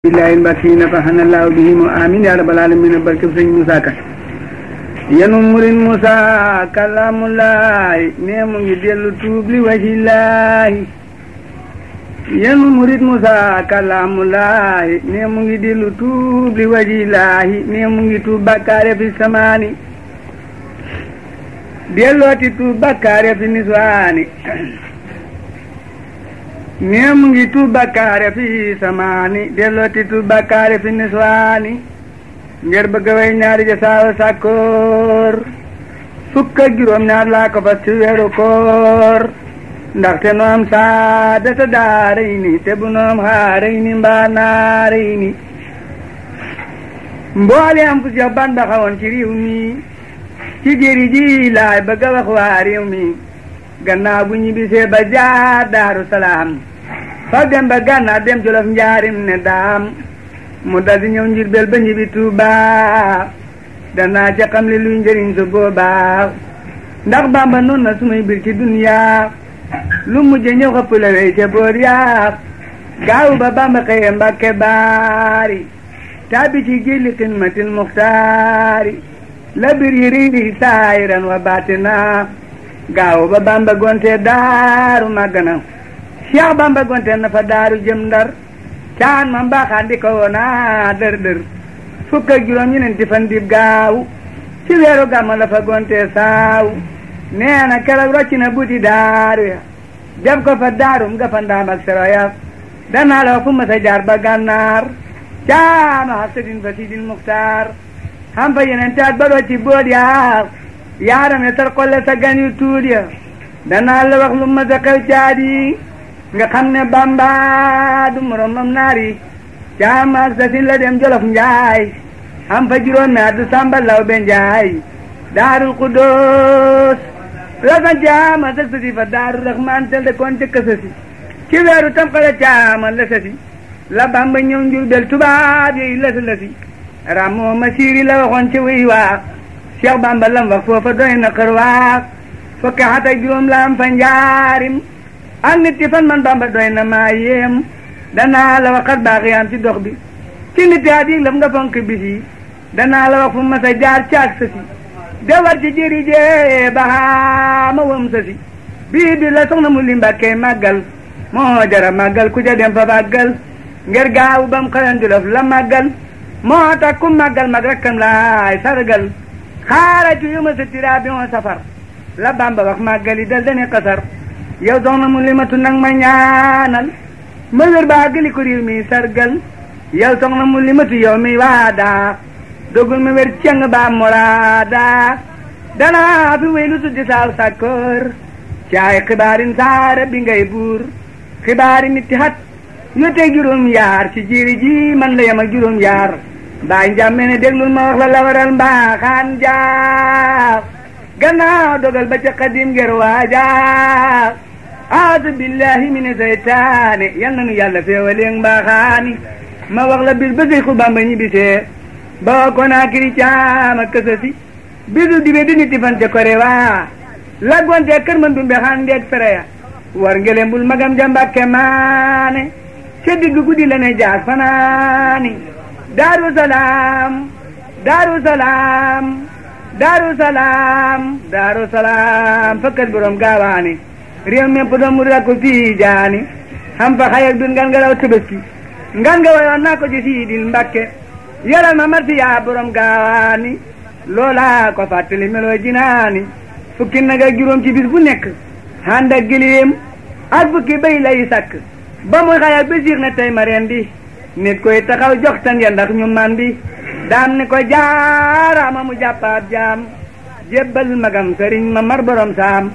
billahi albatin nafahanallahu bihim amin ya rabbal alamin barke sëñ Moussa Ka yenum murin Moussa kalamulaay ne mu ngi dellu tuub li wajillahi yenum murit Moussa kalamulaay ne mu ngi dellu tuub li wajillahi ne mu ngi tuub bakkaare fi samaani dellooti tuub bakkaare fi niswaani nee mu ngi tu bakkaare fi samaani dellooti tu bakkaare fi niswaani ngir bëgg way ñaari ja saawa sàkkoor fukk ak juróom ñaar laa ko fas ci weeru koor ndaxte noom saada sa daaray te bu noom xaaray ni mbaa naaray ni mboole am ku Seex Bamba xawoon ci réew mi ci ji laay bëgg a wax waa réew mi gannaaw bu ñibbisee ba jaar Daaru Salaam fal dem ba gànnaar dem jolof njaarim ne daam mu dal di ñëw njir bel ba ñibbi tuubaa danaa ca li luy njëriñ su boobaa ndax bamba noonu na sumay bir ci duniyaa lu mujje ñëw xëpp la wey ca boor yaa gaawu ba bamba xëye mbàkke baari taabi ci jilli xidmatil muxtaari la bir yi riiri saayiran wa baatina gaawu ba bamba gonte daaru màgg na Cheikh Bamba gonte na fa daaru jëm ndar caan ma mbaaxaan di ko woona dër dër fukk ak juróom ñeenti fan dib gaaw ci weeru gàmmu la fa gonte nee na keroog rocc na buti daaru ya jëm ko fa daarum nga fa ndaam ak sero ya danaa la fu ma sa jaar ba caama xa fa sidin muxtaar xam fa yeneen taat ba doo ci bóot yaa yaarame tar xolle sa gan yu tuut ya danaa la wax lu ma sa xew nga xam ne Bamba du moroomam naar yi caamaas dasin la dem Jolof Njaay am fa juróomi at du Samba Lawbe Njaay Daarul Quddus la sa caama sa sësi fa Daaru Raxmaan tel de koon jëkka sësi ci weeru tamxarit caama la sësi la Bamba ñëw Njurbel tubaab yooyu la sa lësi ramoo ma siiri la waxoon ci wuy waa Cheikh Bamba lam wax foofa doy na xër waa fukki at ak juróom la am fa njaarim ak nit ki fan man bamba doy na maa danaa la waxat baaxiyaam ci dox bi ci nit yaa di lam nga fonk danaa la wax fu ma sa jaar caag sa si de war ci jëri jee baxaama wam sa si bii bi la soxna mu limbàkkee màggal moo jara màggal ku ca dem fa màggal ngir gaaw bam xalan jolof la màggal moo tax ku màggal laay sargal xaarati yu ma sa tiraa bi safar la bamba wax màggali dal dane xasar yow doon na mu limatu nag ma ñaanal ma wér ba àggali ko réew mi sargal yow sox na mu limatu yow mi waada dogul ma wér ceng ba moraada danaa fi wéy lu tuddi saal sàkkoor ci ay xibaarin saara bi ngay buur xibaari nit hat yottee juróom yaar ci jiiri ji man la yem ak juróom yaar mbaay njàmme ne déglul ma wax la la waral mbaaxaan jaax gannaaw dogal ba ca xadim ger waa jaax aadu billahi mina seytaane yal na nu yàlla féewaleeg mbaaxaani ma wax la bis ba Seexul Bamba ñibbisee ba Konaakiri caama kësa si bisu dibe di nit fan ca Korewa laggoonte kër man dumbe xaan ndeeg fereya war ngelem bul magam ja Mbàkke maane ca digg guddi la ne jaas fanaani daaru salaam daaru salaam daaru salaam daaru salaam fëkkat réew mépp doomu rakku tiijaani xam fa xayak dun ngan nga raw tëbaski ngan nga wayoon naa ko ci siidil mbàkke yoral ma martiyaa borom gaawaani loola ko fàttali meloo jinaani fukki nag ak ci bis bu nekk ànd ak giléem ak fukki béy lay sàkk ba muy xayak ba siir na tey ma reen di nit koy taxaw jox tan ya ñu man di daam ni ko jaaraama mu jàppaab jaam jébbal magam sëriñ ma mar borom saam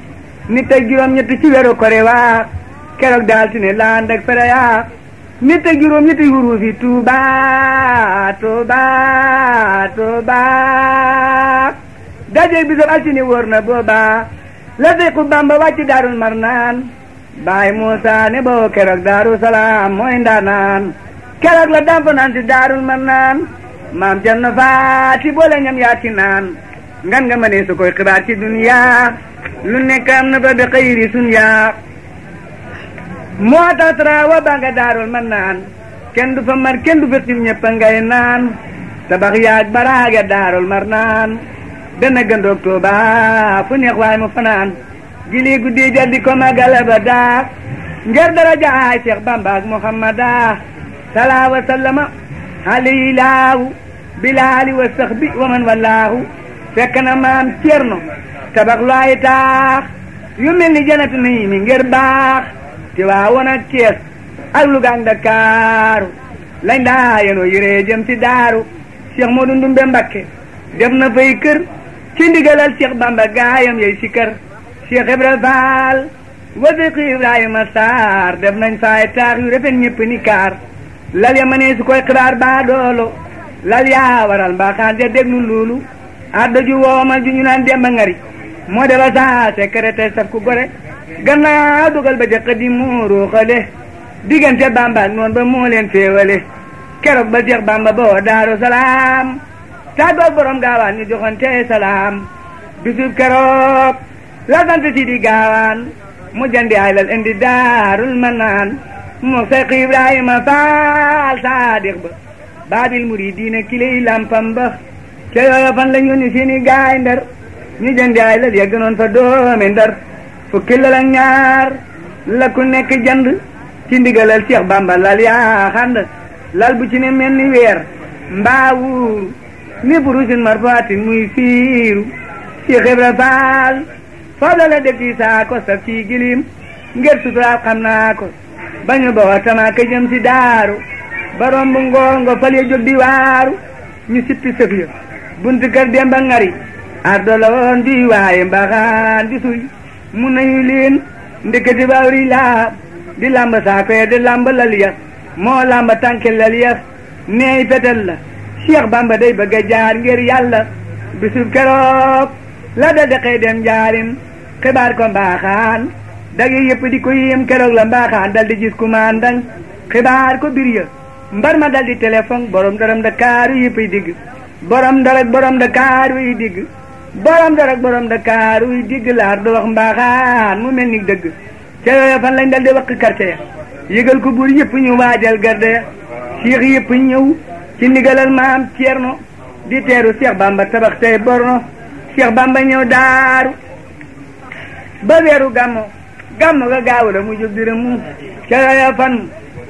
nit ak juróom-ñetti ci weeru kore waa keroog daal ti ne laand ak fere yaa nit ak juróom-ñetti huruf yi tuuba tuuba tuuba daje bi sab altine wóor na booba la sey ku bamba wàcc daarul mar naan baay muusa ne boo keroog daaru salaam mooy ndaanaan keroog la damp naan si daarul mar naan maam jan na faati boole ñam yaati naan ngan nga mënee su koy ci duniyaa lu nekk am na fa bi sun yaa moo tax traawa ba nga daarul man naan kenn du fa mar kenn du fa xiw ñëpp ngay naan tabax yaag baraaga daarul mar naan dana gëndoog Tuuba fu neex waay mu fanaan jili guddi jar di ko magala ba daa ngir daraja ay Cheikh Bamba ak Muhammada salaa wa sallama alayhi laahu bilaali wa saxbi wa man walaahu fekk na maam Cerno tabax lu ay taax yu mel ni janat nii mi ngir baax te waa woon ak Cees ak Luga ak lañ daa yenoo yëree jëm ci daaru Cheikh Modou Ndumbe Mbakke def na fay kër ci ndigalal Cheikh Bamba gaayam yey si kër Cheikh Ibra Faal wasiq Ibrahima Sarr def nañ faay taax yu rafet ñëpp ni kaar lal ya mënee su koy xibaar baa doolo lal yaa waral mbaaxaan ja déglu loolu adda ju woomal ju ñu naan demba ngari moo de la saa secrétaire saf ku gore gannaaw dugal ba jëkk di mu ruuxale diggante bamba ak noonu ba moo leen féewale keroog ba jeex bamba boo daaru salaam tàggoog borom gaawaan ñu joxante salaam bisub keroog la sant si di gaawaan mu jëndi ay lal daarul manaan mu seq ibrahima faal saadiq ba baabil muridiina kilay lampam ba ca yooya fan la ñu ni seeni ñu jëndi ay lal ya gënoon fa ndar fukki lal ak ñaar la ku nekk jënd ci ndigalal Cheikh Bamba lal yaa xànd lal bu ci ne mel ni weer mbaa wuuru ni burusin marfaatin muy fiiru Cheikh Ibra Faal foofu la def ci saa ko saf ci gilim ngir naa ko bañu bawa tamaa ka jëm si daaru barom bu ngoongo fal ya di waaru ñu sippi sëf ya buntu kër Demba Ngari ardaloon bi waaye mbaxaan bi suy mu nañu leen ndëkkati bawri laa di làmb saako ya di làmb lal ya moo làmb tànke lal ya neey fetel la Cheikh Bamba day bëgg jaar ngir yàlla bisub keroog la da daqey dem jaarim xibaar ko mbaaxaan dage yëpp di ko yéem keroog la mbaaxaan dal di gis kumandang xibaar ko bir mbar ma dal di téléphone borom daram Dakar yi yëpp ay digg borom darak borom Dakar yi digg borom dara ak borom Dakar wuy digg laar du wax mbaaxaan mu mel ni dëgg ca yooya fan lañ dal di wakk quartier yëgal ko buur yëpp ñu waajal garde siix yëpp ñëw ci ndigalal maam Thierno di teeru Cheikh Bamba tabax tey borno Cheikh Bamba ñëw daaru ba weeru gàmmo gàmmo ga gaaw la mu jóg dërëm mu ca yooya fan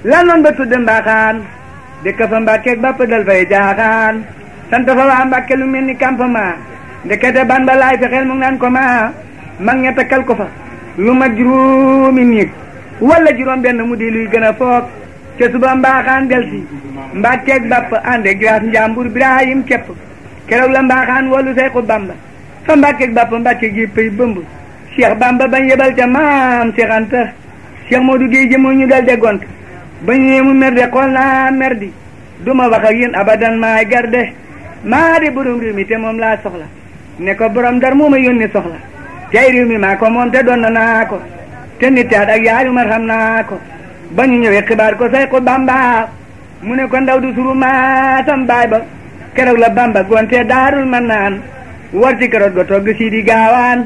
lan noon ba tudd mbaaxaan dëkk fa Mbàkke ak bàpp dal fay jaaxaan sant fa waa Mbàkke lu mel ni campement ndekete ban ba laay fexeel mu naan ko ma mag ña takkal ko fa lu mag juróomi néeg wala juróom benn mu di luy gën a foog ca suba mbaaxaan delsi mbàtteeg bàpp ànd ak glaas njàmbur kepp keroog la mbaaxaan wolu Seexu Bamba fa mbàtteeg bàpp mbàtteeg yi pay bëmb Cheikh Bamba bañ yebal ca maam Cheikh Anta Cheikh Modou Guèye jëmoo ñu dal de gont ba ñëwee mu mer de xool naa mer di du ma wax ak yéen abadan maay garde maa de borom réew te moom laa soxla ne ko borom dar moo ma yónni soxla tey réew mi maa ko moom te doon naa ko te nit yaat ak yaari ma xam naa ko ba ñu ñëwee xibaar ko say ko bamba mu ne ko ndaw du suru maatam baay keroog la bamba gonte daarul man naan war ci keroog ga togg sii di gaawaan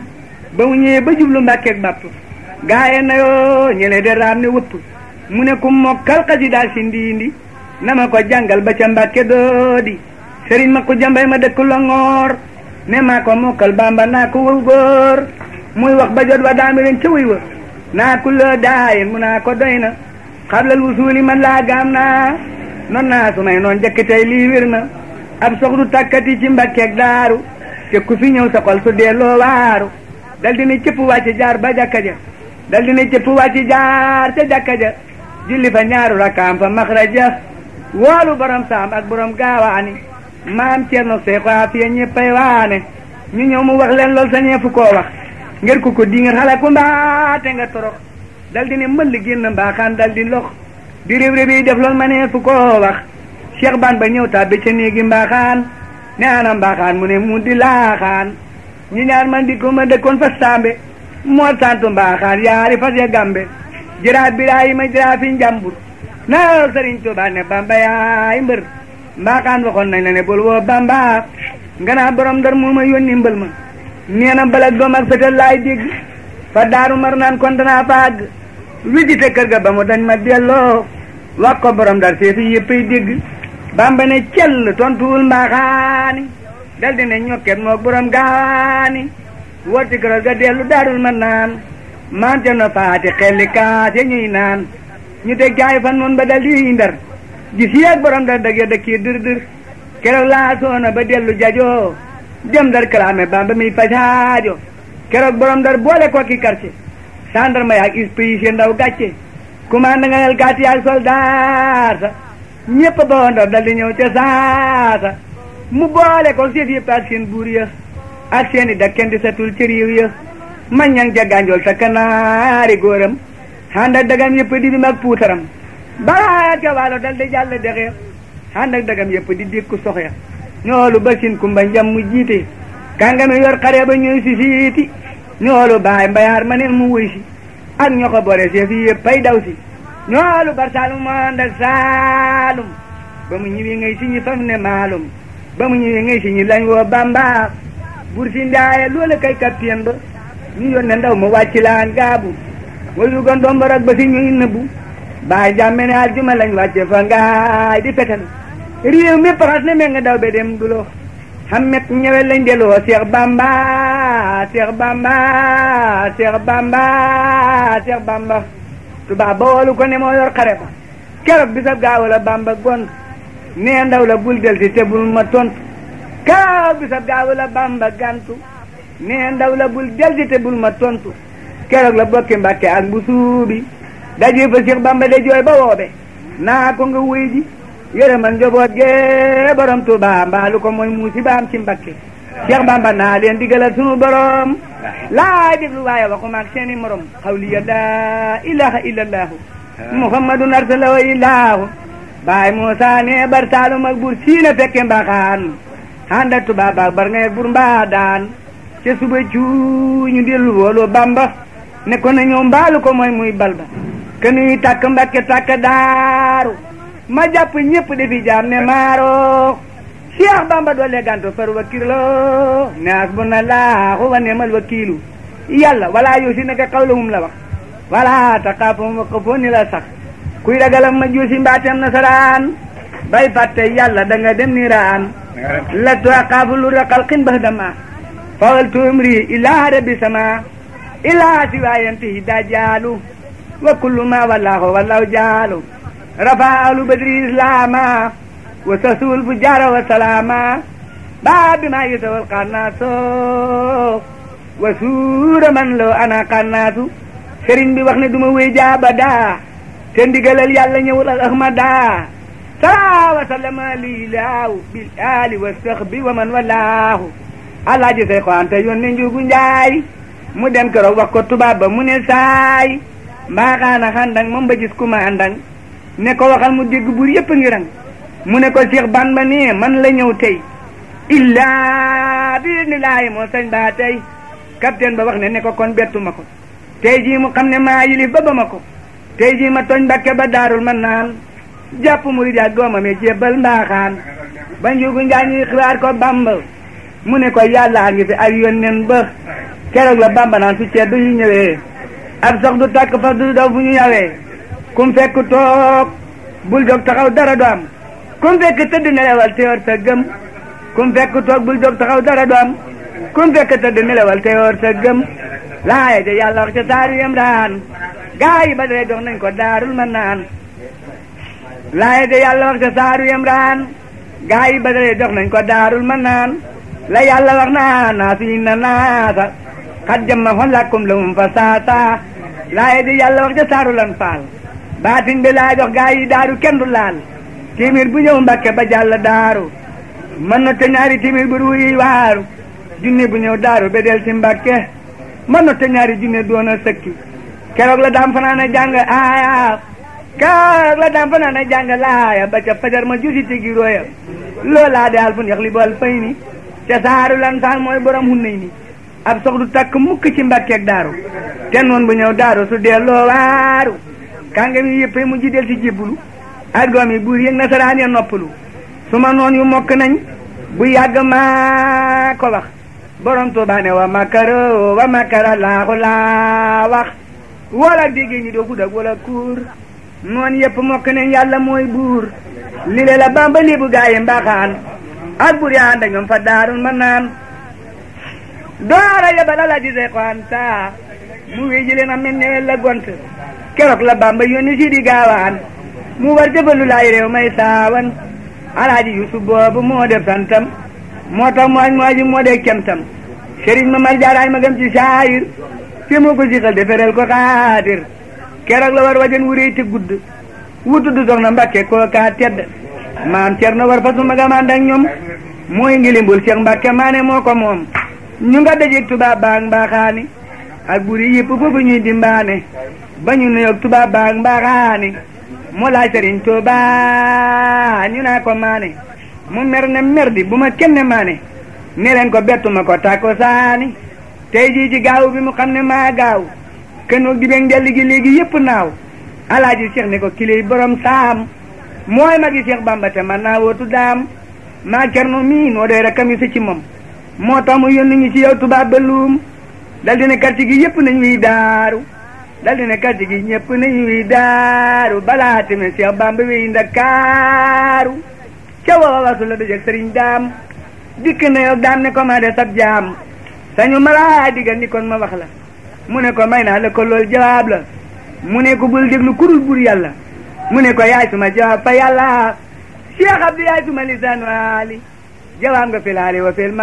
ba mu ñëwee ba jublu mbàkkeeg bàpp gaaye na yoo ñële de raam ne wëpp mu ne ku mokkal xasida si ndiindi na ma ko jàngal ba ca mbàkke doodi sëriñ ma ko jambay ma dëkk longoor ne maa ko mokkal bamba naa ko wëw góor muy wax ba jot wa daami ren ca wëy naa ku la daayin mu naa ko doy na xablal wusuuli man laa gaam naa non naa su may noon jëkk tey lii wér na ab soxdu takkati ci mbakkeeg daaru te ku fi ñëw sa xol su delloo waaru dal dina cëpp wàcc jaar ba jàkka ja dal dina cëpp wàcc jaar ca jàkka ja julli fa ñaaru rakaam fa maxraja woolu borom saam ak borom gaawaani maam Thierno Seydou Afia ñëppay waane ñu ñëw mu wax len lool sañee fu koo wax ngir ko ko di nga xale ku mbaate nga torox dal di ne mbënd génn mbaaxaan dal di lox di réew réew yi def lool ma nee fu wax Cheikh Ban ba ñëw tàbbi ca néegi mbaaxaan ne ana mbaaxaan mu ne mu man di ko ma dëkkoon fa sambe moo santu mbaaxaan yaari fas ya gambe jëraa biraayima jëraa fi njàmbur na Sëriñ Tuubaa ne Bamba yaay mbër mbaaxaan waxoon nañ la ne bul woo bamba nga naa borom ndar moo ma yónni mbël ma nee na bala gom ak sëkkal laay dégg fa daaru mar naan kon danaa fa àgg wijite kër ga ba mu dañ ma delloo wax ko borom ndar seefi yëppay dégg bamba ne cell tontuwul mbaaxaani dal di ne ñokket moo borom gaani war ci kër ga dellu daarul mar naan maante no faati xelli kaas ya ñuy naan ñu te jaay fan moon ba dal di ndar di si ak borom da dëgg ya dëkkii dër dër keroog laasoona ba dellu jajoo dem dar kalaame Bamba mi faj aajo borom dar boole ko ki quartier gendarme yaak spécial ndaw gàcce commandant nga nel gàtt yaak sa ñëpp ba woon dal di ñëw ca saasa mu boole ko sëf yëpp ak seen buur ya ak seen i satul ci réew ya man ñang ja gànjool sa kanaari góoram xanda dagam yëpp di bi mag puutaram balaa ca waalo dal di jàll dexee ànd ak dagam yëpp di dikku soxee ñoolu basin kumba njam mu jiite kàngami yor xare ba ñuy si siiti ñoolu baay mbayaar ma neen mu wuy ak ño ko bore si fi yëpp pay daw si ñoolu bar saalum moo ànd ak saalum ba mu ñëwee ngay si ñi faf ne maalum ba mu ñëwee ngay si ñi lañ woo bambaax bur si ndaaye loola kay kaptien ba ñu yónne ndaw ma wàcci laan gaabu wayu gandoom ba rag ba si ñuy nëbbu baay jàmme ne aljuma lañ wàcce fa ngaay di petal réew mi paras ne me daw be dem dulo xamet ñëwe lañ deloo Seex Bamba Seex Bamba Seex Bamba Seex Bamba tubaab ba woolu ko ne moo yor xare ba keroog bisab gaaw la Bamba gont nee ndaw la bul del si te bul ma tontu keroog la Bamba gantu nee bul del si ma tontu keroog la ak bu dajee fa Cheikh Bamba de jooy ba woobe naa ko nga wuy ji yërëmal njaboot gee borom Tuuba mbaalu ko mooy musibaam ci Mbakke Cheikh Bamba naa leen digalal sunu borom laa déglu waaye waxuma ak seeni morom xawliya laa ilaha illallahu muhammadun arsalahu illahu baay Muusa ne bar saalum ak bur siina fekke mbaxaan handa Tuuba baak bar ngay bur mbaa daan ca suba cuuñu dellu woolu Bamba ne ko na ñëw mbaalu ko mooy muy balba ka nuy tàkk mbakke tàkk daaru ma jàpp ñépp di fi jaam ne maaro Cheikh Bamba doole ganto par wakkirloo ne hasbunallahu wa ni'mal wakiilu yàlla wala yoosi naka qawlahum la wax wala taqaafum waqafoo ni la sax kuy ragalam ma joosi mbaateem nasaraan bay fàtte yàlla da dem niiraan lastu aqaafu lu raqal xin bax dama fawaltu umri ilaa rabbi sama ilaa si waayanti hi daajaalu wa kullu ma wallahu wallahu jaalu rafa ahlu badri islaama wa sasul bu jaara wa salaama baa bi maa yitawal wa suura man loo ana xannaatu sëriñ bi wax ne duma wéy jaaba daa te ndigalal ñëwul ak salaa wa sallama lilaaw bil aali wa sahbi wa man walaahu alaaji say xoante yónne njugu njaay mu dem keroog wax ko tubaab mu ne saay mbaaxaana xandang moom ba gis ku ma àndang ne ko waxal mu dégg buur yëpp a mu ne ko Cheikh Bamba ne man la ñëw tey illaa bi nilaayi moo sañ baa tey capitaine ba wax ne ne ko kon bettu ma ko tey jii mu xam ne maa yilif ba ba ma ko tey jii ma tooñ Mbàkke ba daarul man naan jàpp murid ya gooma me jébbal mbaaxaan ba njugu njaa ñuy xibaar ko Bamba mu ne ko yàllaa ngi fi ak yónneen ba keroog la Bamba naan su ceddu yi ñëwee ak sax du tàkk fas du daw fu ñu yawee kum fekk toog bul jóg taxaw dara du am kum fekk tëdd nelawal te yor sa gëm kum fekk toog bul jóg taxaw dara du kum fekk tëdd nelawal te yor sa gëm laaya ja yàlla wax saaru Imraan gaa yi ba dee jox nañ ko daarul ma naan laaya ja yàlla wax saaru Imraan gaa yi ba dee jox nañ ko daarul ma naan la yàlla wax naa naa si na naasa xat jëmma xon làkkum la mum fa saata laaye di yàlla wax ca saaru faal baatin bi laa jox gaa daaru kenn du laal téeméer bu ñëw mbàkke ba jàll daaru mën na te ñaari téeméer bu ruuyi waaru junne ñëw daaru ba del ci mbàkke mën na te ñaari junne doon a sëkki keroog la daam fanaan a jàng aaya keroog la daam fanaan a jàng laaya ba ca fajar ma jusi ci gi róoya loolaa de alfun yax li bool ca saaru lan mooy borom hunnay ni ab sox du takk mukk ci mbàkkeeg daaru te noon bu ñëw daaru su delloo waaru kàngam yi mu ji del si jibbulu argoom yi buur yéeg nasaraan ya noppalu su ma noon yu mokk nañ bu yàgg maa ko wax borom Tuubaa ne wa makaro wa makara laaxu laa wax wala déggee ñi doo ku dag wala kuur noon yëpp mokk nañ yàlla mooy buur li le bamba li bu gaa mbaxaan ak buur yaa ànd ñoom fa daarun ma naan doora yebal ala di seqoan saa mu wii ji leen a mel ne la gont keroog la bamba yónni si di gaawaan mu war jëfalu laay réew may saawan alaaji yusuf boobu moo def santam moo tax mooñ mooji moo dee kemtam sëriñ ma mar jaaraay ma gëm ci saayir fi mu ko siqal defereel ko xaatir keroog la war wajan wuréy te gudd wutu du soxna Mbàkke koo kaa tedd maam Cerno war fa su ma gamaan ak ñoom mooy ngilimbul Cheikh Mbàkke maa ne moo ko moom ñu nga dajeeg tubaab baag mbaaxaani ak buri yëpp foofu ñuy dimbaane ba ñu nuyoog tubaab baag mbaaxaani mu laaj sëriñ Tuubaa ñu naa ko maane mu mer ne mer di bu ma kenn maane ne leen ko bettuma ko tàkko saani tey jii ci gaaw bi mu xam ne maa gaaw kënoog di beeg ndelli gi léegi yëpp naaw alaaji Cheikh ko kiley borom saam mooy magi Cheikh Bamba te man naa wootu daam maa cerno mii noo doy rakkam yu si ci moom moo tax mu yónni ñu ci yow tubaab ba luum dal di ne quartier gi nañ wiy daaru dal di ne quartier gi ñëpp nañ wiy daaru balaa tamit Cheikh Bamba wiy ndakaaru ca wawawasu la dajeg sëriñ daam dikk na yow daam ne ko de sab jaam sañu ma laa digal ni ma wax la mu ne ko may naa la ko loolu jawaab la mu ne ko bul déglu kurul bur yàlla mu ne ko yaay suma jawaab nga filaali wa fil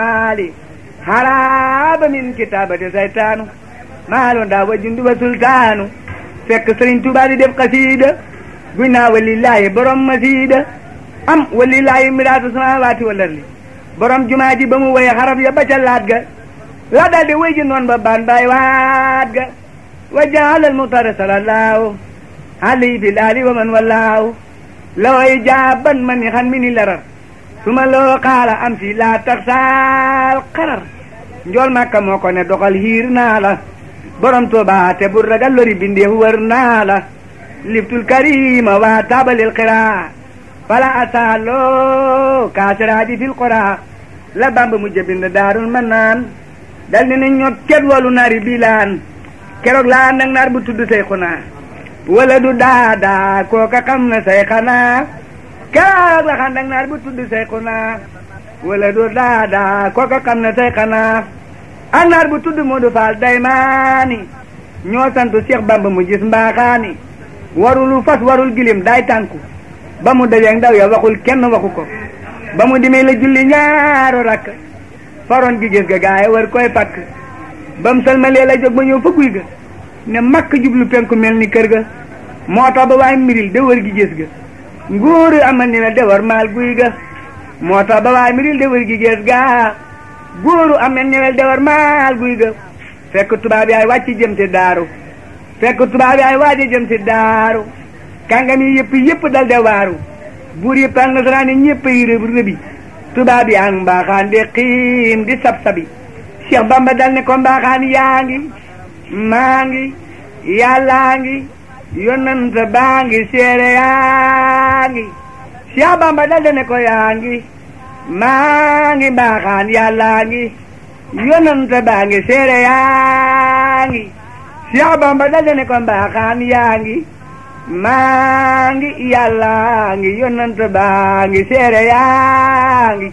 haraaba min kitaabati saytaanu maalo ndaa wa jundu sultaanu fekk sëriñ Tuubaa def xasiida guñ naa walilaahi borom masiida am walilaahi miraatu samaawaati wal ardi borom jumaa ba mu woye xarab ya ba laat ga la daldi way ji noon ba baan baay waat ga wa jaalal muxtaara salallaahu alayhi fil aali wa man wallaahu law ay jaaban man i xan mi ni larar su loo xaala am si laa tax saal njool màkka moo ko ne doxal hiir naa la borom Tuuba te bu ragal lori bindeef wër naa la liftul karima waa taabalil xiraa fala asaaloo kaasiraaji fil qoraa la bamba mujj daarul manaan dal ni ne ñot ket walu nari bilaan keroog laa nag naar bu tudd say xunaa wala du daadaa kooka xam na say xanaa keroog la xandak naar bu tudd Seyxuna wala du daada kooka xam na Seyxuna ak naar bu tudd Modou Fall daymaani ñoo sant Cheikh Bamba mu gis mbaaxaani warulu fas warul gilim day tànku ba mu dajeeg ndaw ya waxul kenn waxu ko ba mu demee la julli ñaaru rakk faroon gi gis ga gaay war koy pakk ba salmalee la jóg ba ñëw fa guy ga ne makk jublu penku mel ni kër ga moo tax ba waaye mbiril de wër gi gis ga nguuru amandi na dewar maal guy ga moo tax ba waay mi dil dewar gi gees gaa góoru amen ñewel dewar maal guy ga fekk tubaab yaay wàcc jëm ci daaru fekk tubaab yaay waaj jëm ci daaru kàngam yi yëpp yëpp dal de waaru buur yëpp ak nasaraan yi yi rëb rëbi tubaab yaa ngi de xiim di sab-sabi Cheikh Bamba dal ne ko mbaaxaan yaa ngi maa ngi yàllaa ngi yonanta baa ngi yaa maa ngi Cheikh Bamba dal ne ko yaa ngi maa ngi baaxaan yàllaa ngi yonante baa ngi seere yaa ngi Cheikh Bamba ne ko mbaaxaan yaa ngi maa ngi yàllaa ngi yonante baa ngi seere yaa ngi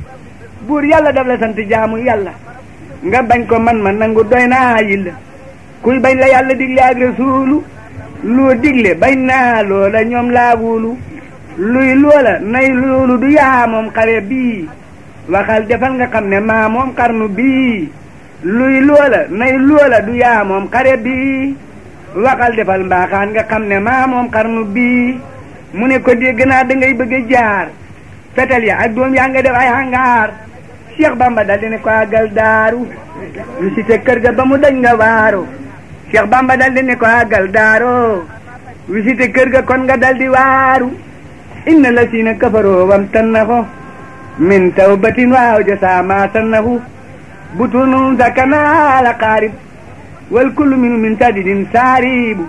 buur yàlla daf la sant jaamu yàlla nga bañ ko man ma nangu doy naa yilla kuy bañ la yàlla digle ak rasuulu digle bañ naa loola ñoom laa wóolu luy loola nay loolu du yaa moom xare bii waxal defal nga xam ne maa moom xarnu bi luy loola nay loola du yaa moom xare bii waxal defal mbaaxaan nga xam ne maa moom xarnu bi mu ne ko dégg naa da ngay bëgg a jaar fetal ya ak doom yaa nga def ay hangaar Cheikh Bamba dal di ne ko àggal daaru lu kër ga ba mu dañ waaru Cheikh Bamba dal di ne ko àggal daaru lu kër ga kon nga dal di waaru inna allazina kafaroo wam tannahu min tawbatin waaw jasa ma tannahu butunu zakana ala qaarib wal kullu minu min sadidin saaribu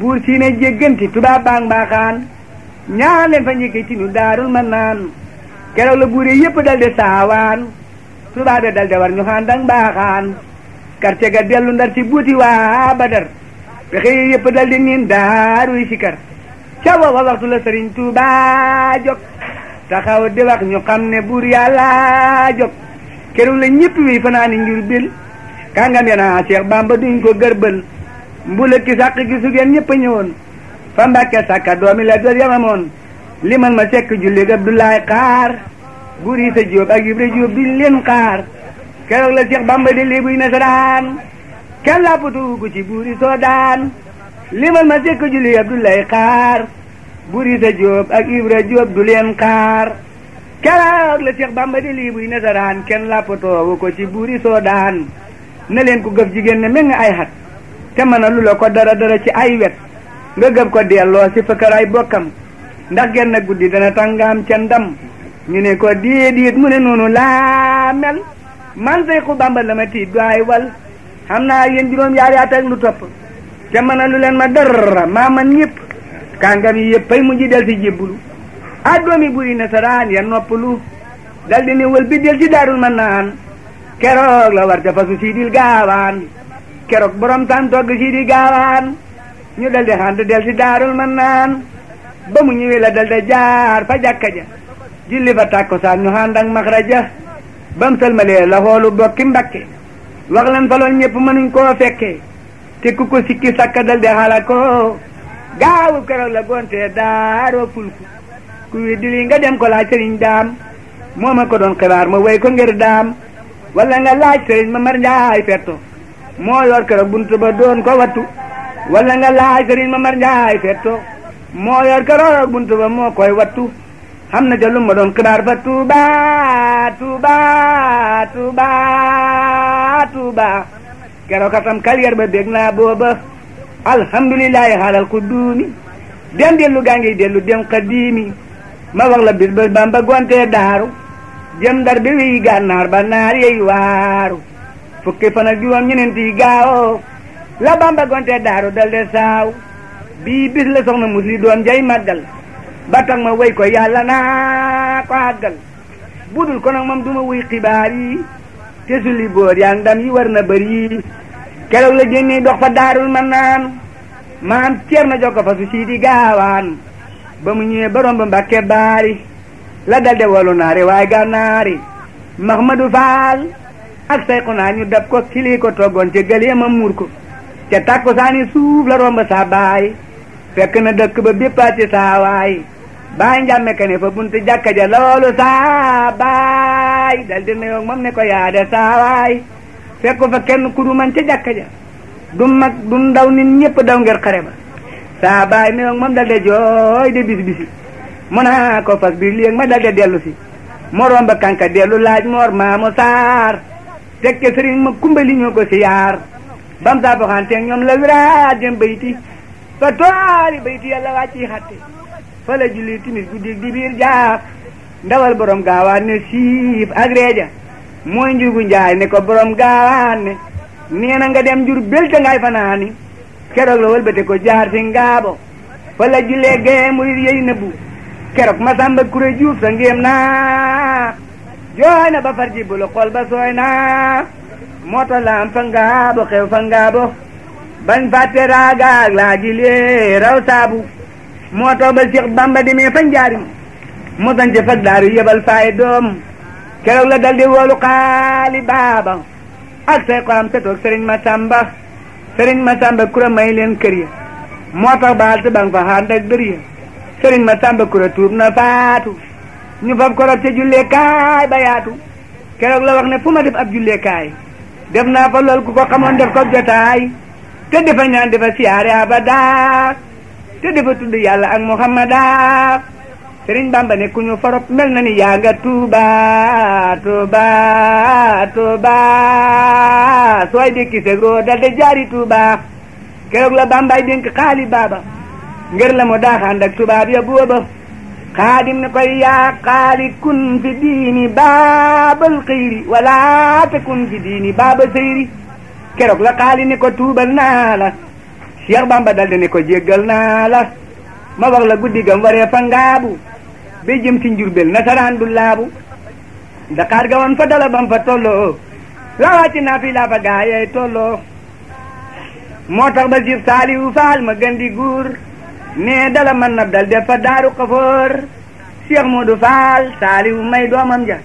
buur si ne tubaab baang baaxaan ñaan leen fa njëkkee ci nu daarul man naan la buure yëpp dal de saawaan tubaab dal de war ñu xaan dang baaxaan karte ga dellu ndar ci buuti waa badar pexe yëpp dal de niin daaruy sikar ca booba waxtu la sëriñ Tuubaa jóg taxaw di wax ñu xam ne buur yàlla jóg keroog la ñëpp wi fanaani njur bil kàngam yana Cheikh Bamba duñ ko gërbël mbula ki sàq gi sugeen ñëpp a ñëwoon fa Mbàkke sàkka doomi la dor yamamoon liman ma sekk jullig Abdoulaye xaar buur yi sa Jóob ak Ibra Jóob duñ leen xaar keroog la Cheikh Bamba di lii buy nasaraan kenn làppatu ko ci buuri Soodaan limal ma sekk julli Abdoulaye Xaar Burisa Jóob ak Ibra Jóob du leen xaar keroog la Cheikh kenn lappatoowu ko ci buri soo na leen ko gëf jigéen ne mel nga ay xat te mën lu la ko dara dara ci ay wet nga gëb ko delloo si fëkkër ay bokkam ndax genn guddi dana tàngaam ca ndam ne ko déedéet mu ne noonu laa mel man say ku Bamba la ma tiit du ay wal xam naa yéen juróom yaari at ak lu topp te mënalu len ma dara maa man ñëpp kàngam yi yëpp ay mujj del si jébbulu addoomi buri nasaraan ya noppalu dal di ni wël bi del si daarul man naan keroog la war fasu sii dil gaawaan keroog borom tan togg sii gaawaan ñu dal di xànd del si daarul man naan ba mu ñëwee la dal di jaar fa jàkka ja julli fa tàkkusaan ñu xànd ak maxraja ba mu sëlmalee la xoolu bokki mbakke wax leen fa loolu ñëpp mënuñ koo fekkee te ku ko sikki sakkadal de xalakoo gaawu keroog la gontee daaroo fulku ku weddi li nga dem ko laaj sëriñ daam moo ma ko doon xibaar ma way ko ngir daam wala nga laaj sëriñ ma mar njaay fetto moo yor keroog buntu ba doon ko wattu wala nga laaj sëriñ ma mar njaay fetto moo yor keroog buntu ba moo koy wattu xam na ca lu ma doon xibaar fa tuuba tuuba tuuba tuuba keroog atam kalier ba bég naa booba alhamdulilahi xaalal ku duumi dem dellu gaa ngi dellu dem xadiimi ma wax la bis ba bamba gontee daaru jëm ndar bi wiy gànnaar ba naar yey waaru fukki fan ak juróom ñeneenti gaawo la bamba gontee daaru dal de saaw bii bis la soxna mus li doon jay màggal ba tax ma woy ko yàlla naa ko àggal budul ko nag moom duma wuy xibaar yi te suli boor yaa ndam yi war na bëri keroog la génnee dox fa daarul man naan maam ceer na jokko fa su sii di gaawaan ba mu ñëwee borom ba mbàkke baari la dal de naari waaye gànnaari Mahmadou Fall ak sayqu naa ñu dab ko kilii ko toggoon ca gëlee ma muur ko ca tàkkusaani suuf la romb sa baay fekk na dëkk ba béppaati saawaay baay njàmme ka ne fa buntu jàkka ja loolu saa baay waay dal di nuyoo moom ne ko yaade saawaay fekku fa kenn ku du man ca jàkka ja du mag du ndaw nit ñëpp daw ngir xare ba saa baay nuyoo moom dal de jooy de bis bisi mu naa ko fas biir léegi ma dal de dellu si moroom ba kanka dellu laaj moor maamu saar tekke sëriñ ma kumbali ñoo ko si yaar bam saa boxaanteeg ñoom la wiraat jëm bayti fa tooli bayti yàlla wàcciyi xatte fa la julli timis guddi di biir jaaf ndawal borom gaawaan ne siif ak reeja mooy njugu njaay ko borom gaawaan ne nee na nga dem jur bel te ngay fanaani keroog la wëlbate ko jaar si ngaabo fa la julee gee murit yey nëbbu keroog masamba kuré juuf sa ngéem naa jooy na ba far ji bu ba sooy naa moo tax fa ngaabo xew fa ngaabo bañ fàtte raagaag laa ji lee raw saabu moo tax ba Seex Bamba demee fa njaarim mu sanc fag daaru yebal faay doom keroog la dal di woolu xaali baaba ak say xoram sa toog sëriñ ma sàmba sëriñ ma sàmba kura may leen kër ya moo tax baal te bang fa xaand ak dër ya sëriñ ma sàmba tuub na faatu ñu fab korot ca julleekaay ba yaatu keroog la wax fu ma def ab julleekaay def naa fa lool ku ko xamoon def ko jotaay te defa ñaan defa siyaare abadaa te defa tudd yàlla ak muhammada sëriñ bamba ne ku ñu forop mel na ni yaa nga tuuba tuuba tuuba sooy dikki segro dal de jaari tuuba keroog la bambay dénk xaali baaba ngir la mu daaxaan dak tubaab ya booba xaadim ne koy yaa xaali kun fi diini baabal xëyri wala te kun fi diini baaba sëyri keroog la xaali ne ko tuubal naa la Cheikh Bamba dal ne ko jéggal naa ma wax la guddi gam waree fa bay jëm ci njurbel nasaraan du laabu daqaar ga woon fa dala bam fa tolloo lawaati naa fi laa fa gaayee tolloo moo tax ba sir wu faal ma gën di guur ne dala man nab dal def fa daaru xafoor Cheikh Modou Fall saaliwu may doomam ja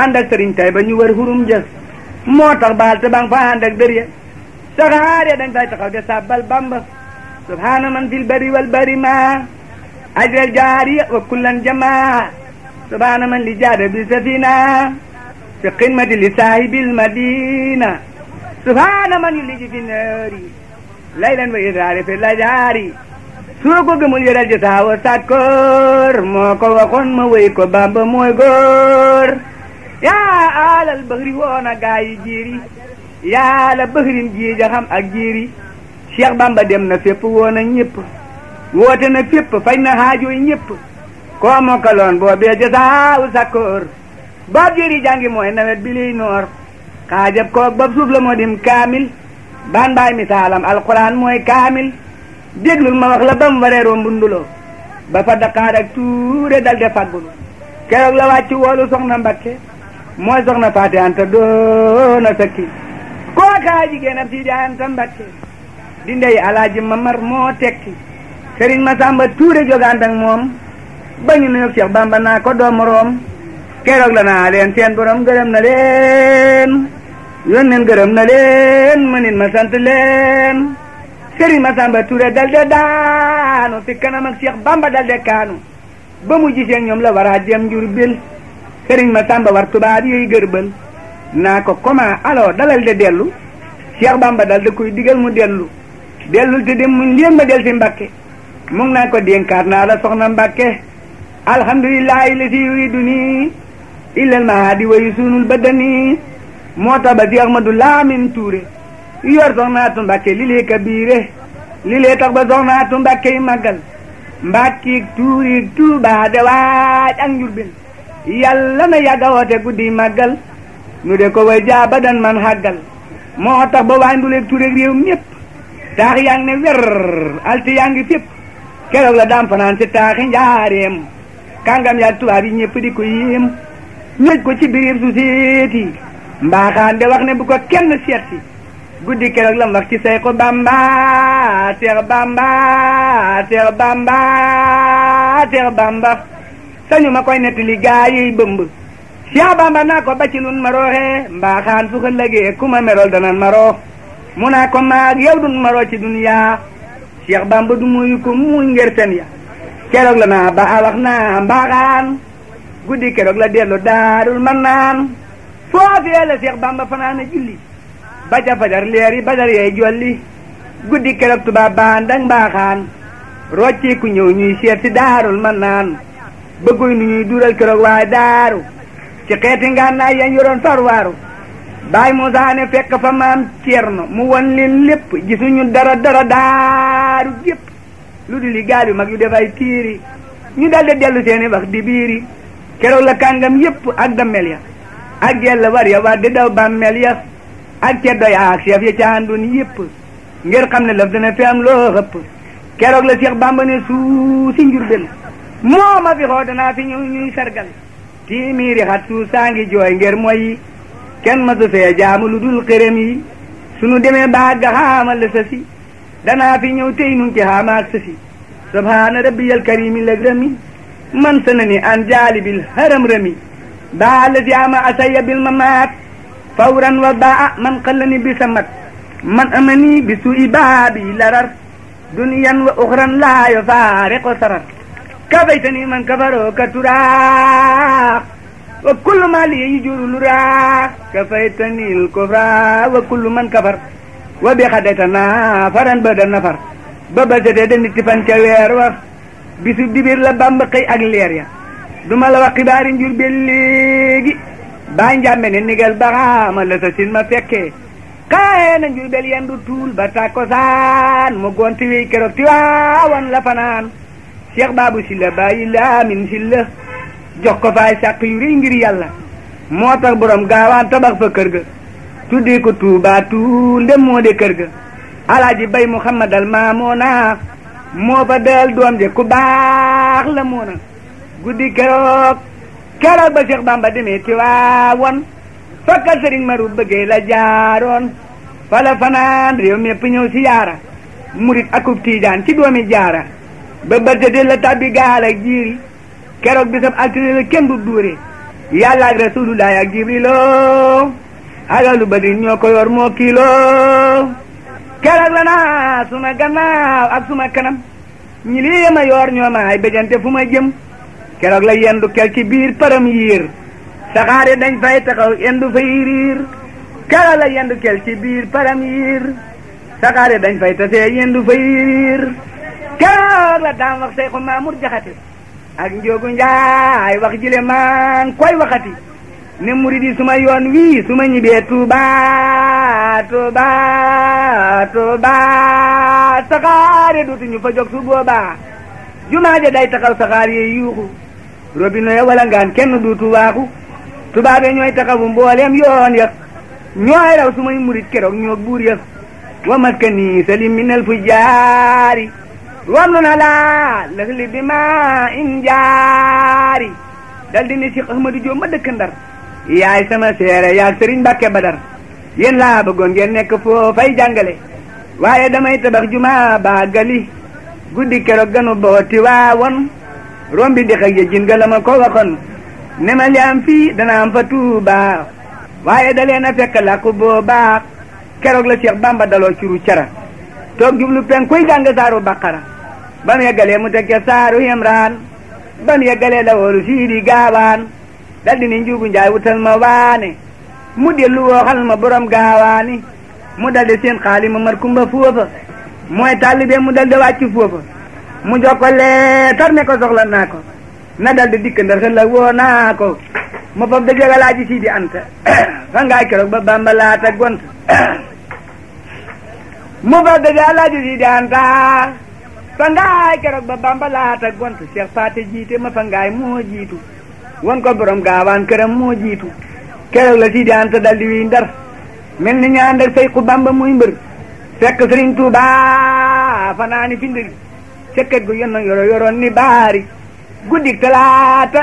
ànd ak sëriñ tay ba ñu wër hurum ja moo tax baal te fa ànd ak dër ya ya dañ fay taxaw de sàbbal bamba subhaana man fil bari wal bari ma أجر الجارية وكلا جماعة سبحان من لجاد بسفينة في قمة لصاحب المدينة سبحان من يلج في النار ليلا وإدرار في الأجار suuko gëmul yëral ji saawa saat koor moo ko waxoon ma wéy ko bamba mooy góor yaa alal bëxri woon a jiiri yaa la bëxrin jii ja ak jiiri Cheikh Bamba dem na fépp woon a woote na fépp faj na xaajooy ñëpp koo mokkaloon boo bee jasaaw sakkoor baab jëri jàngi mooy nawet bi liy noor xaajab koo bab suuf la moo dim kaamil baan baay misaalam alquran mooy kaamil déglul ma wax la ba mu waree ba fa daqaar tuure dal de fàggulu keroog la wàcc woolu soxna mbakke mooy soxna faati anta doona sakki koo kaa jigéen ab si jaayam ta mbakke di ndey alaaji mamar moo tekki sëriñ Masamba Tuure jóg ànd ak moom ba ñu nuyoog Cheikh Bamba naa ko doomu room keroog la naa leen seen borom gërëm na leen yónneen gërëm na leen ma nit ma sant Masamba Tuure dal daanu fi kanam ak Bamba dal kaanu ba mu gisee ñoom la war a jëm bil sëriñ Masamba war tubaab yooyu gërbal naa ko comment alors dalal dellu Cheikh Bamba dal de kuy digal mu dellu dellul te dem mu leen ma del si Mbakke mu ngi naa ko dénkaat naa la soxna Mbàkke alhamdulilahi la si yuridu nii illal mahadi wayu sunul badani moo tax ba si Ahmadu Laamin Tuure yor soxnaatu Mbàkke li lee kabiire li lee tax ba soxnaatu Mbàkke yi màggal Mbàkkiig Tuuriig Tuubaa de waaj ak Njurbel yàlla na yàgga woote guddi màggal nu de ko way jaa ba man xàggal moo tax ba waa Nduleeg Tuureeg réew mépp taax yaa ne wer alti yaa ngi keroog la daam fanaan si taaxi njaareem kàngam yaa tubaab yi ñëpp di ko yéem ñëj ko ci biir su seeti mbaaxaan de wax ne bu ko kenn seet si guddi keroog la wax ci say ko bamba seex bamba seex bamba seex bamba sañu ma koy nettali gaa yi bëmb seex bamba naa ko ba ci lun ma rooxee mbaaxaan su ko lëgee ku ma merool danan ma roox mu naa ko maag yow dun ma roo ci Cheikh Bamba du muyu ko muy ngerten ya keroog la naa ba wax naa mbaxaan guddi keroog la dellu daarul man naan foofee la Cheikh Bamba fanaan a julli ba fajar leer yi badar yay guddi keroog tubaab baan dang mbaaxaan ku ñëw ñuy seet si daarul man naan bëgguy nu ñuy dural keroog waaye daaru ci xeeti ngànnaay yañ yoroon farwaaru baay Moussa ne fekk fa maam Thierno mu wan leen lépp gisuñu dara dara daaru gépp lu dul li gaal yu mag yu def ay tiiri ñu daldi dellu seeni wax di biiri keroog la kàngam yépp ak dammel ya ak jell war ya war di daw bàmmel ya ak ceddo ak chef ya ca yépp ngir xam ne lëf dina fi am loo xëpp keroog la Cheikh Bamba ne suu si njurbel moo ma fi xoo danaa fi ñëw ñuy sargal tiimiiri xat suu saa ngi jooy ngir moyi kenn masu fee jaamu lu dul xërëm yi sunu demee baag ga xaamal la sëfi danaa fi ñëw tey nun ci xaamaak sëfi subhaana rabbiyal karimi lëg rëmi man sa nani an jaalibil haram rëmi baa la si ama asaya bil mamaat fawran wa baa man xallani bi samat man amani bi suu'i baabi larar duniyan wa uxran laa yufaariqu sarar kafaytani man kafaroo ka turaax wa kullu ma li yujuru lura kafaytani al kufra wa kullu man kafar wa bi xadaytana faran ba da nafar ba ba setee da nit fan ca weer war bisu dibir la bamba xëy ak leer ya duma la wax xibaari njur léegi baa njàmbe ne nigal baxaama la sa sin ma fekkee xaayee na njur yendu tuul ba tàkkosaan mu gonti wéy keroog ti waawan la fanaan Cheikh Babou Sylla bàyyi laamin Sylla jox ko faay sàq yu rëy ngir yàlla moo tax borom gaawaan tabax fa kër ga tuddee ko Touba Toul moo de kër ga alaaji bay Muhammad al moo fa del doom je ku baax la moona guddi keroog keroog ba Cheikh Bamba demee ci waawoon fakka sëriñ maru bëggee la jaaroon fala fanaan réew mépp ñëw si yaara murit akub tiijaan ci doomi jaara ba bërtëdee la tabbi gaal ak jiiri keroog bisam altine la kenn du duuri yàlla ak rasulullahi ak jibrilo oh, alalu badi ñoo ko yor moo kiilo oh. keroog la naa suma gannaaw ak suma kanam ñi lii ma yor ñoo ma ay béjante fu ma jëm keroog la yendu kel ci biir param yiir saxaare dañ fay taxaw yendu fay riir keroog yiir keroog la daam wax Seexu Maamur Jaxate ak njóogu njaay wax jile maa ngi koy waxati ne murid yi suma yoon wii suma ñibbee Tuuba Tuuba Tuuba saxaare dootuñu fa jóg su boobaa jumaa ja day taxaw saxaar yee yuuxu robino ya wala ngaan kenn duutu waaxu tubaabe ñooy taxawu mbooleem yoon yëg ñooy raw sumay murid keroog ñoo buur yëg wa maskani salim minal fujjaari wamnuna laa lëxli bi ma in jaari dal di ne Cheikh Ahmadou Diop ma dëkk Ndar yaay sama seere yaag Serigne Mbacke Badar yéen laa bëggoon ngeen nekk foofay jàngale waaye damay tabax juma baagali guddi keroog ganu booti waa won rombi di xëy ya jin ga la ma ko waxoon ne ma li am fii dana am fa Tuuba waaye da leen a fekk làkku boobaa keroog la Cheikh Bamba daloo ciru cara toog jublu penk koy jàng saaru Baqara ba mu yeggalee mu teg ca saaru imraan ba mu yeggalee la wooru sii di gaawaan dal ni njuugu njaay wutal ma waane mu dellu wooxal ma borom gaawaani mu dal di seen xaali ma mar kumba foofa mooy taalibe mu dal di wàcc mu jox ko leetar ne ko soxla naa ko na dal di dikk ndar xëlla woo naa ko ma fab da jogalaaji sii di anta fa ngaay keroog ba bamba laata gont mu fab da jogalaaji sii di anta fa ngaay keroog ba bamba laata gont Cheikh Faté jiite ma fa ngaay moo jiitu won ko borom gaawaan këram moo jiitu keroog la Sidi Anta dal di wiy ndar mel ni ñaan ndar fay ku bamba muy mbër fekk Sëriñ Tuuba fanaani fi ndëri ca kër gu yenn yoro yoroon ni baari guddik talaata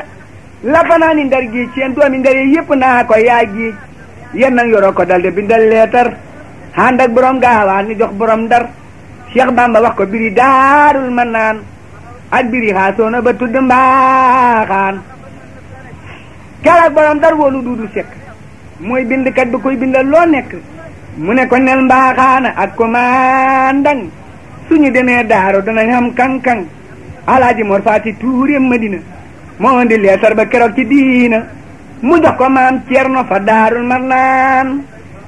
la fanaani ndar géej seen doomi ndar yi yëpp naa ko yaa géej yenn yoro ko dal di bindal leetar ànd borom gaawaan ni jox borom ndar Cheikh Bamba wax ko biri daarul manaan ak biri xaasoona ba tudd mbaaxaan keroog borom dar woolu duudu sekk mooy bindkat bi koy bindal loo nekk mu ne ko nel mbaaxaana ak commandang suñu demee daaro danañ xam kang-kang alaaji mor faati tuure madina moo indi leetar ba keroog ci diina mu jox ko maam ceerno fa daarul marnaan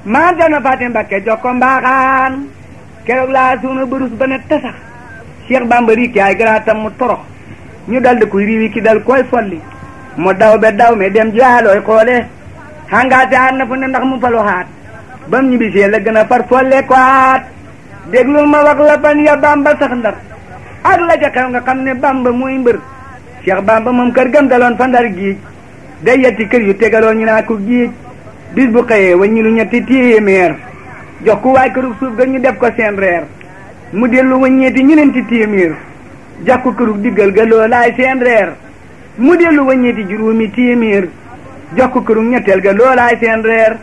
maam ceerno faati mbakke jox ko mbaaxaan keroog laa suuna barus ba ne tasax Cheikh Bamba riik yaay garaatam mu torox ñu dal di koy riwi ki dal koy folli mu daw be daw me dem jaalooy xoole xangaate aat na fu ne ndax mu falu xaat ba mu ñibbisee la gën a far folle ko aat déglul ma wax la fan ya Bamba sax ndar ak la ca xew nga xam ne Bamba mooy mbër Cheikh Bamba moom kër gam daloon fa ndar géej day yetti kër yu tegaloon ñu naa ko géej bis bu xëyee waññilu ñetti téeméer jox ko waay kërug suuf ga ñu def ko seen reer mu dellu wëññeeti ñeneenti téeméer jox ko kërug diggal ga loolaay seen reer mu dellu wëññeeti juróomi téeméer jox ko ñetteel ga loolaay seen reer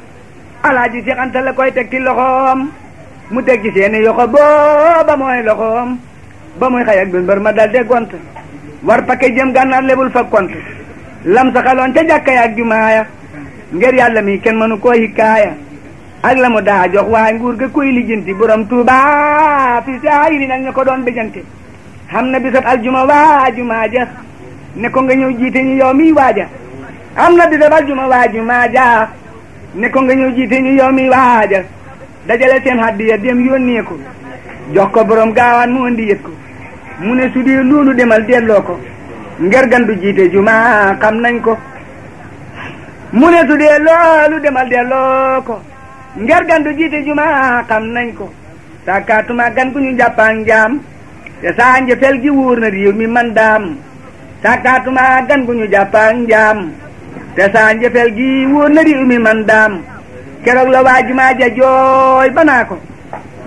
alaaji Seex koy teg ci loxoom mu teg ci seeni yoxo booba mooy loxoom ba muy xëy ak dun ma dal gont war pakke jëm gànnaar lebul fa kont lam xaloon ca jàkka yaak jumaaya ngir yàlla mi kenn mënu koo hikkaaya ak la mu daa jox waa nguur ga koy lijjanti borom Tuuba fi saay ni nag ñu ko doon bijjanti xam na bisab aljuma waajuma ja ne ko nga ñëw jiite ñu yow miy waaja am na bisab aljuma waajuma ja ne ko nga ñëw jiite ñu yow miy waaja dajale seen hàddiya dem yónnee ko jox ko borom gaawaan mu andi ko mu ne su dee loolu demal delloo ko nger gandu jiite juma xam nañ ko mu ne su dee loolu demal delloo ko njargan du jiite juma xam nañ ko sàkkaatuma gan gu ñu jàppaan njaam te saa njëfel gi wóor na réew mi man daam gan gu ñu jàppaan njaam te saa njëfel gi wóor na réew mi keroog la waa jumaa ja jooy banaa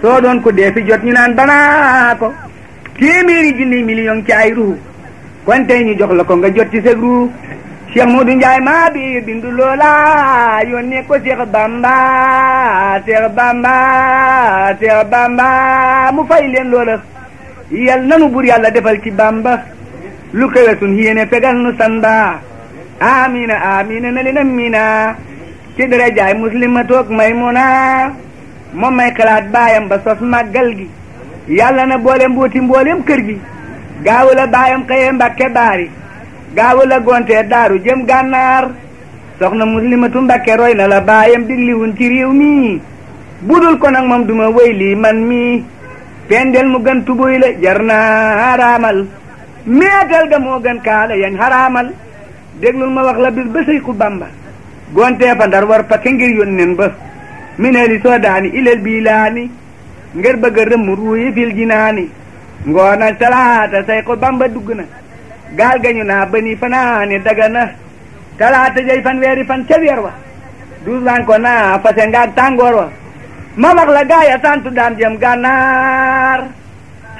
soo doon ko dee jot ñu naan banaa ko téeméeri junni million ci ay ruux kon ñu jox la ko nga jot ci seg Cheikh Modou Ndiaye maa bi bindu loola yónnee ko Cheikh Bamba Cheikh Bamba mu fay leen loola yal nanu bur yàlla defal ci Bamba lu kawe sun yéene fegal nu sanda amina amina na leen ci dara jaay muslima toog Maymuna moom may xalaat baayam ba sos màggal gi yàlla na boole mbooti mboolem kër gi gaaw baayam xëyee mbakke baari gaaw la gontee daaru jëm gànnaar soxna muslimatu mbakke roy na la baayam digliwun ci réew mi budul ko nag moom duma wéy lii man mii pendel mu gën tubuy la jar naa xaraamal meetal ga moo gën kaala yañ xaraamal déglul ma wax la bis ba sëy ku bamba fa ndar war pake ngir yónneen ba mineli soo daani ilel bii laani ngir bëgg a rëmm ruuyi fil ji naani ngoon ak talaata say ko bamba dugg na gaal gañu naa ba nii dagana talaata jëy fan weeri fan ca weer wa duusaan ko naa fase ngaag tàngoor wa ma wax la gaaya tantu daam jëm gànnaar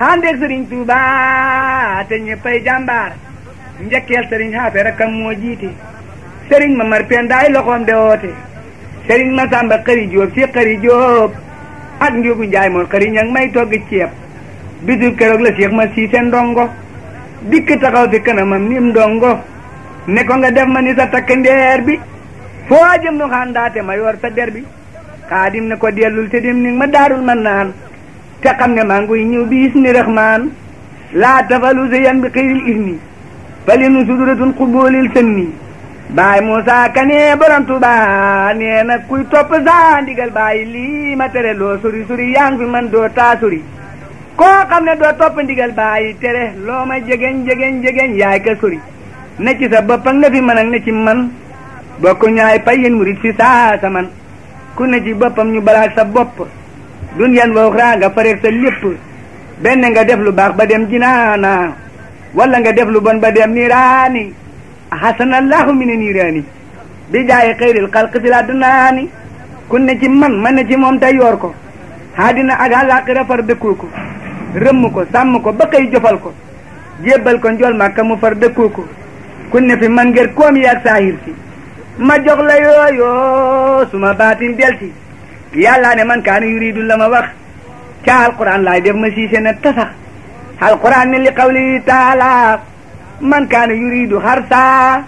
handeeg sëriñ Tuuba te ñëppay jàmbaar njëkkeel sëriñ xaafe rakkam moo jiite sëriñ Mamar Pendaay loxoom de woote sëriñ Masamba xëri jóob si xëri jóob ak njuugu moon xëri ñang may togg ceeb bisu keroog la Cheikh ma sii seen ndongo dikk taxaw fi kanamam nim ndongo ne ko nga def ma sa takk ndeer bi foo jëm nu xàndaate ma yor sa der bi xaadim ne ko dellul te dem ni ma daarul man naan te xam ne maa nguy ñëw bi ismi rahmaan laa tafalu si yan bi xëyril ismi fali nu suduratun xuboolil sënni baay Moussa Kane borom Tuubaa nee na kuy topp saa ndigal bàyyi lii ma tere loo suri suri yaa fi man doo taa suri ko xam ne doo topp ndigal bàyyi tere loo ma jegeñ jegeñ jegeñ yaay ka sori ne ci sa bopp ak fi mën ne ci man bokk ñaay pay yéen murit fi saa sa man ku ne ci boppam ñu balaak sa bopp dun yan woox raa nga fareeg sa lépp benn nga def lu baax ba dem jinaana wala nga def lu bon ba dem niiraani hasanallahu mi ne niiraani bi jaayi xayril xalq fi laa dunaani ku ne ci man man ne ci moom tey yoor ko haadina ak àllaaxira far dëkkoo ko rëmm ko sàmm ko ba koy jofal ko mu far dëkkoo ko fi man ngir koom yi ak saahir si ma jox yooyo suma baatin del si ne man kaana yuridu la ma wax ca alquran laay def ma siise na tasax alquran ne li qawli taala man kaana yuridu harsa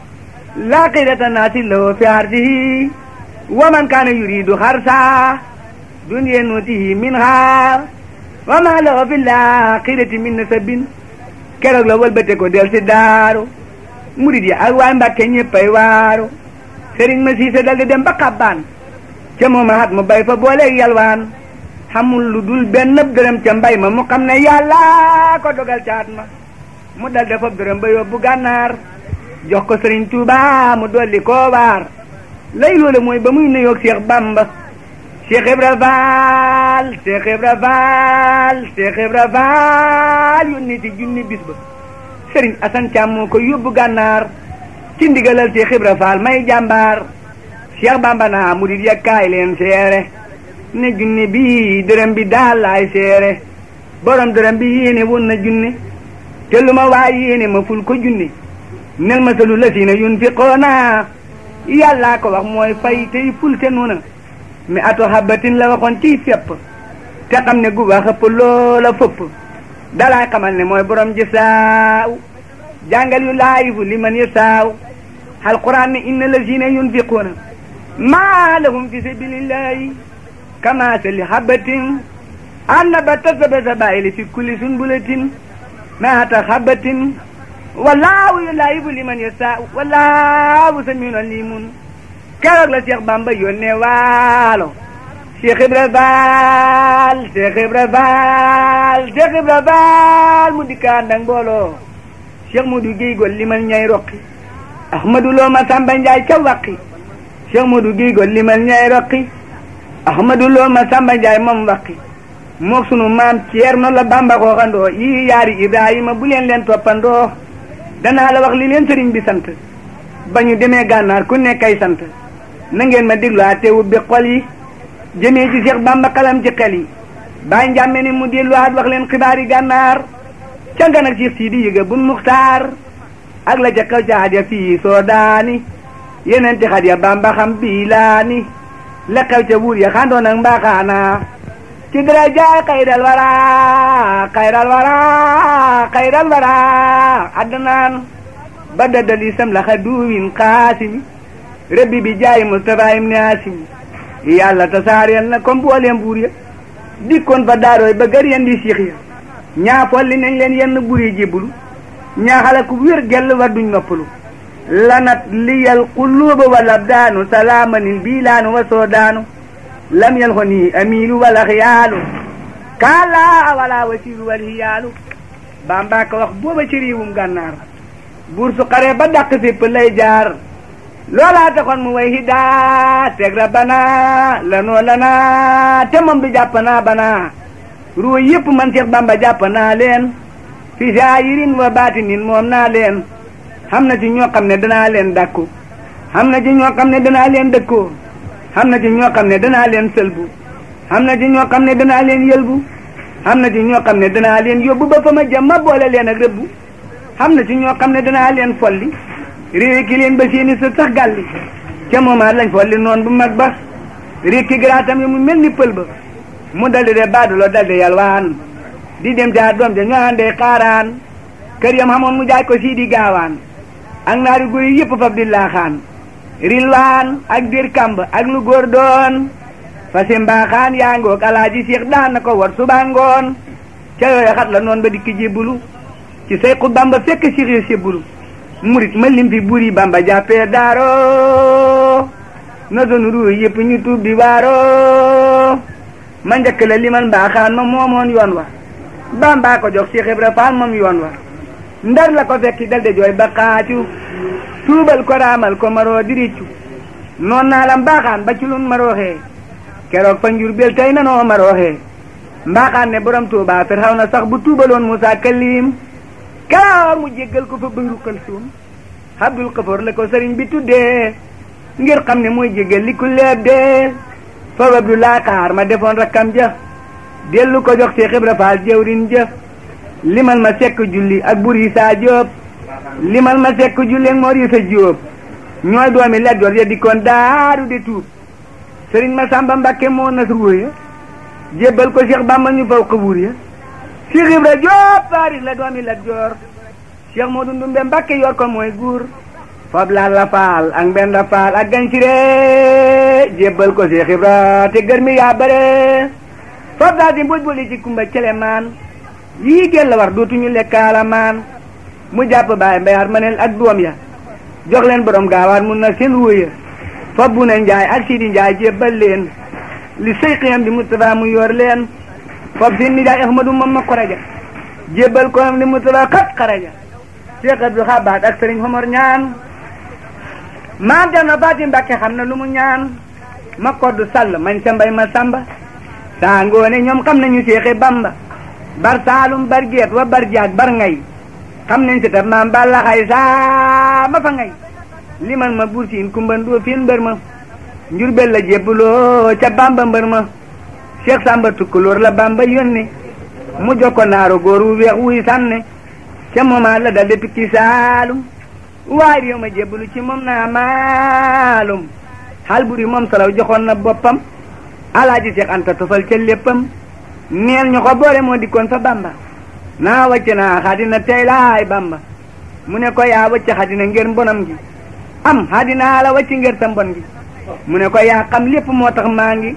laa qidata naasi lahu fi harsihi wa man kaana yuridu harsa dunya nuutihi minha wa maa lahu fi laaxirati min nasabin keroog la wëlbate ko del si daaru murid yi ak waa Mbàkke ñëppay waaru sëriñ ma siise dal dem ba xabbaan ca moom raxat mu bay fa booleeg yalwaan xamul lu dul benn dërëm ca mbay ma mu xam ne yàlla ko dogal caat ma mu dal dafa dërëm ba yóbbu gànnaar jox ko sëriñ Tuuba mu dolli koo waar lay loole mooy ba muy nuyoog Seex Bàmba Cheikh Ibra Faal Cheikh Ibra Faal Cheikh Ibra Faal yónni ci junni bis ba Serigne Assane Thiam moo ko yóbbu gànnaar ci ndigalal Cheikh Ibra Faal may jàmbaar Cheikh Bamba naa murid ya kaay leen seere ne junni bii dërëm bi daal laay seere borom dërëm bi yéene woon na junni te lu ma waay yéene ma ful ko junni nel ma la si na yun fi xoona yàllaa ko wax mooy fay tey ful te noona mi atu xabatin la waxoon ciy fépp te xam ne guba xëpp loola fëpp dalaay xamal ne mooy borom ji saaw jàngal yu laayibu li man yi saaw alquran ne inna lazina yunfiquuna maa lahum fi sabilillahi kamaasali xabatin anbatat sab'a sabaa'ila fi kulli sunbulatin mi'ata xabatin wallaahu yulaayibu li man yi saaw wallaahu samiun aliimun keroog la Cheikh Bamba yónnee waalo Cheikh Ibra Baal Cheikh Ibra Baal Cheikh Ibra Baal mu dikkaan dang mbooloo Cheikh Modou Guèye gol limal ñay roqi Ahmadou Lo ma Samba Ndiaye ca waqi Cheikh Modou Guèye gol limal ñay roqi Ahmadou Lo ma Samba Ndiaye moom waqi moog sunu maam Ceerno la Bamba xooxandoo yii yaari Ibrahima bu leen leen toppandoo danaa la wax li leen sëriñ bi sant ba ñu demee gànnaar ku nekk ay sant na ngeen ma dégluwaat te ubbi xol yi jëmee ci Cheikh Bamba xalam ci xel yi bàyyi njàmme ni mu delluwaat wax leen xibaar yi gànnaar ca nga nag Cheikh Sidi yëga bu ak la ca kaw ca xat fii soo daani ti xat Bamba xam la xew ca wuur ya xandoon ak ci dara jaay xayral wara xayral wara ba dadal isam la xa duwin rabbi bi jaay Moustapha ibn Hashim yàlla tasaareel na comme booleem buur ya dikkoon ba daarooy ba gër di siix ya ñaa li nañ leen yenn buur yi jébbalu ñaaxala ku wér gell war duñ noppalu lanat liyal quluuba wal abdaanu salaamanil biilaanu wa soodaanu lam yal xo nii amiilu la xiyaalu kaalaa wala wasiilu wal xiyaalu baa mbaaka wax booba ci réewum gànnaar buur su xaree ba dàq lay jaar loolaa taxoon mu way hidaa teg rabbana lanoo lanaa te moom bi jàpp naa banaa yëpp man Seex Bamba jàpp naa leen fi zaahirin wa baatinin moom naa leen xam na ci ñoo xam ne danaa leen dàkku xam na ji ñoo xam ne danaa leen dëkkoo xam na ci ñoo xam ne danaa leen sëlbu xam na ji ñoo xam ne danaa leen yëlbu xam na ci ñoo xam ne danaa leen yóbbu ba fa ma jëm boole leen a rëbbu xam na ci ñoo xam ne danaa leen folli réeki leen ba seeni sët sax gàlli ca moomaat lañ folli noonu bu mag ba réeki garaatam yi mu mel ni pël ba mu daldi de baaduloo daldi yalwaan di dem jaar doom ja ñoo àndee xaaraan kër yam xamoon mu jaay ko sii di gaawaan ak naari góor yi yëpp fab di laaxaan rilwaan ak dir kamb ak lu góor doon fa mbaaxaan yaa ngoog alaaji Seex daan na ko war suba ngoon ca yooya xat la noonu ba dikki jébbulu ci Seexu Bamba fekk Seex ya sébbulu murit ma lim fi buri bamba jàppee daaro na doon ruu yëpp ñu tuub di waaro ma njëkk la liman mbaaxaan ma moomoon yoon wa bamba ko jox Seex Ibra Faal moom yoon wa ndar la ko fekki dal de jooy ba xaacu tuubal ko raamal ko maroo diriccu noon naa la mbaaxaan ba ci lun marooxee keroog fa njur bel tey nanoo marooxee mbaaxaan ne borom Tuubaa Firxaw na sax bu tuubaloon Muusaa Kaliim kaar mu jéggal ko fa bëyru kalsuum Abdul Xafoor la ko sëriñ bi tuddee ngir xam ne mooy jéggal li ku leeb dee fab Abdulaa kaar ma defoon rakkam ja dellu ko jox Seex Ibra Faal jëwrin ja limal ma sekk julli ak bur yi saa jóob limal ma sekk julli ak moor yi sa ñooy doomi Lat Joor ya dikkoon daaru de tuub sëriñ ma Samba Mbàkke moo nas ruuya jébbal ko Seex Bàmba ñu faw xabuur ya Cheikh Ibra Diop Paris la doomi Lat Joor Cheikh Modou Ndumbe Mbakke yor ko mooy guur fab laal la faal ak mbenn la faal ak gancire jébbal ko Cheikh Ibra te gër yaa bare fab daal di mbuj buli ci kumba cele maan yii gel la war dootuñu lekkaala maan mu jàpp baay mbayaat ma ak doom ya jox leen borom gaawaat mun na seen wuya fab bu ne njaay ak sidi njaay jébbal leen li sëy xiyam bi Moustapha mu yor leen fab si nijaay ahmadu moom ma koraja jébbal ko am li mu tula kat xaraja Cheikh Abdou Khabaat ak Serigne Omar ñaan maam dem na baati Mbàkke xam na lumu ñaan ma koddu sàll mañ sa mbay ma sàmba saa ngoone ñoom xam nañu Seexe Bamba bar saalum bar geet wa bar jaag bar ngay xam nañ si tam maam balla xay saa ma fa ngay liman ma bursin kumba ndóo fiin mbër ma njurbel la jébbaloo ca Bamba mbër ma Cheikh Samba Tukulóor la Bamba yónni mu jokko naaru góor wu weex wuy sànni ca moomaa la dal depuis ci Saalum waaye réew ma jébbalu ci moom naa maalum xal buri moom salaw joxoon na boppam alaaji Cheikh Anta tofal ca léppam neel ñu ko boole moo dikkoon fa Bamba naa wàcc naa xadina tey laay Bamba mu ne ko yaa wàcc xadina ngir mbonam gi am xadinaa la wàcc ngir sa mbon gi mu ne ko yaa xam lépp moo maa ngi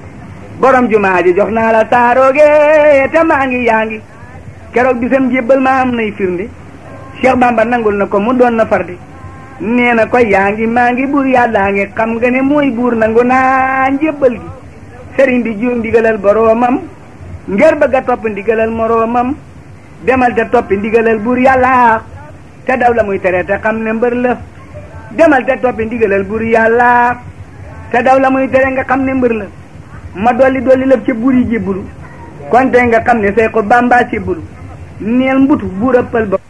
borom jumaa ji jox naa la saarooge te maa ngi yaa ngi keroog bisam jébbal maa am nay firnde Cheikh Bamba nangul na ko mu doon na fardi nee na ko yaa ngi maa ngi buur yàllaa ngi xam nga ne mooy buur nangu naa njébbal gi sëriñ bi juum ndigalal boroomam ngir bëgg a topp ndigalal moroomam demal te toppi ndigalal buur yàlla te daw la muy tere te xam ne mbër la demal te toppi ndigalal buur yàlla te daw la muy tere nga xam ne mbër la ma dolli dolli lépp ca buur yi jébbalu kon tey nga xam ne say ko bàmbaa jébbalu neel mbutu buur a ba